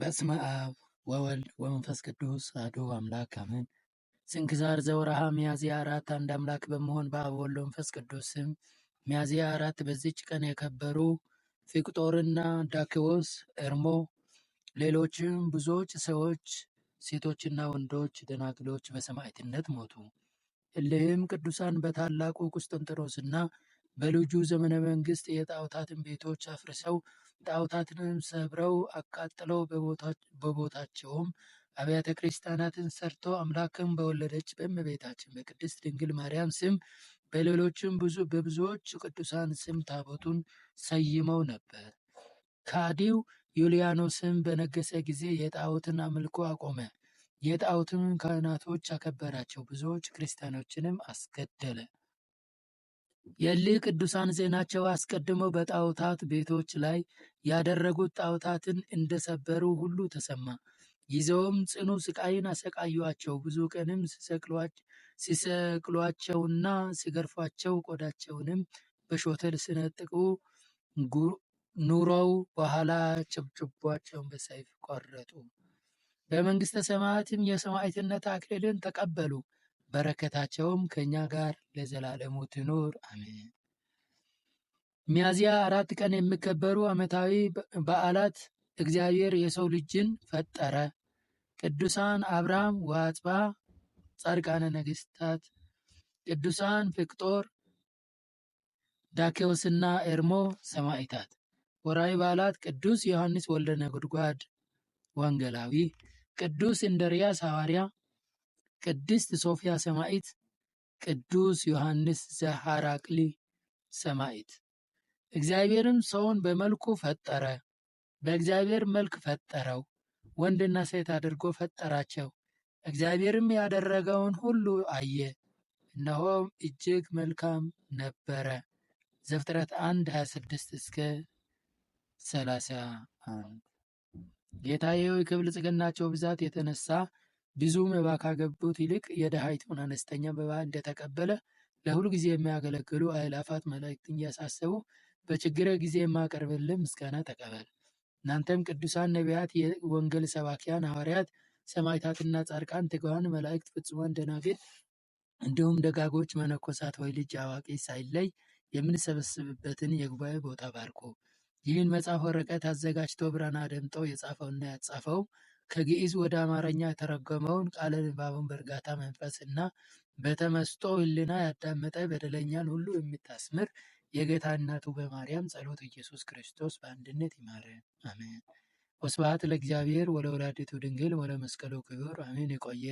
በስመ አብ ወወልድ ወመንፈስ ቅዱስ አሐዱ አምላክ አሜን። ስንክሳር ዘወርኃ ሚያዝያ አራት አንድ አምላክ በመሆን በአብ ወልድ መንፈስ ቅዱስ ስም ሚያዝያ አራት በዚች ቀን የከበሩ ፊቅጦርና ዳክዎስ ኤርሞ፣ ሌሎችም ብዙዎች ሰዎች ሴቶችና ወንዶች ደናግሎች በሰማዕትነት ሞቱ። እሊህም ቅዱሳን በታላቁ ቁስጥንጥሮስና በልጁ ዘመነ መንግስት የጣዖታትን ቤቶች አፍርሰው ጣዖታትንም ሰብረው አቃጥለው በቦታቸውም አብያተ ክርስቲያናትን ሰርቶ አምላክን በወለደች በእመቤታችን በቅድስት ድንግል ማርያም ስም በሌሎችም ብዙ በብዙዎች ቅዱሳን ስም ታቦቱን ሰይመው ነበር። ከሃዲው ዩልያኖስም በነገሰ ጊዜ የጣዖትን አምልኮ አቆመ። የጣዖትን ካህናቶች አከበራቸው፣ ብዙዎች ክርስቲያኖችንም አስገደለ። የሊህ ቅዱሳን ዜናቸው አስቀድሞ በጣዖታት ቤቶች ላይ ያደረጉት ጣዖታትን እንደሰበሩ ሁሉ ተሰማ። ይዘውም ጽኑ ስቃይን አሰቃዩአቸው። ብዙ ቀንም ሲሰቅሏቸውና ሲገርፏቸው ቆዳቸውንም በሾተል ስነጥቁ ኑረው በኋላ ጭብጭቧቸውን በሰይፍ ቆረጡ። በመንግሥተ ሰማያትም የሰማዕትነት አክሊልን ተቀበሉ። በረከታቸውም ከእኛ ጋር ለዘላለሙ ትኑር አሜን። ሚያዝያ አራት ቀን የሚከበሩ ዓመታዊ በዓላት እግዚአብሔር የሰው ልጅን ፈጠረ። ቅዱሳን አብርሃም ወአጽብሐ ጻድቃነ ነገሥታት፣ ቅዱሳን ፍቅጦር ዳኬዎስና ኤርሞ ሰማዕታት። ወርኃዊ በዓላት ቅዱስ ዮሐንስ ወልደ ነጎድጓድ ወንጌላዊ፣ ቅዱስ እንድርያስ ሐዋርያ ቅድስት ሶፊያ ሰማዕት፣ ቅዱስ ዮሐንስ ዘሐራቅሊ ሰማዕት። እግዚአብሔርም ሰውን በመልኩ ፈጠረ፣ በእግዚአብሔር መልክ ፈጠረው፣ ወንድና ሴት አድርጎ ፈጠራቸው። እግዚአብሔርም ያደረገውን ሁሉ አየ፣ እነሆም እጅግ መልካም ነበረ። ዘፍጥረት 1 26 እስከ 31 ጌታዬ ሆይ ከብልጽግናቸው ብዛት የተነሳ ብዙ መባ ካገቡት ይልቅ የድሃይቱን አነስተኛ መባ እንደተቀበለ ጊዜ የሚያገለግሉ አእላፋት መላእክት እያሳሰቡ በችግረ ጊዜ የማቀርብልን ምስጋና ተቀበል። እናንተም ቅዱሳን ነቢያት፣ የወንጌል ሰባኪያን ሐዋርያት፣ ሰማዕታትና ጻድቃን፣ ትጉሃን መላእክት፣ ፍጹማን ደናግል እንዲሁም ደጋጎች መነኮሳት ወይ ልጅ አዋቂ ሳይለይ የምንሰበስብበትን የጉባኤ ቦታ ባርኩ። ይህን መጽሐፍ ወረቀት አዘጋጅቶ ብራና ደምጠው የጻፈውና ያጻፈው ከግዕዝ ወደ አማርኛ የተረጎመውን ቃለ ንባቡን በእርጋታ መንፈስ እና በተመስጦ ሕሊና ያዳመጠ፣ በደለኛን ሁሉ የምታስምር የጌታ እናቱ በማርያም ጸሎት ኢየሱስ ክርስቶስ በአንድነት ይማረን፣ አሜን። ወስብሐት ለእግዚአብሔር ወለወላዲቱ ድንግል ወለመስቀሉ ክቡር አሜን። የቆየ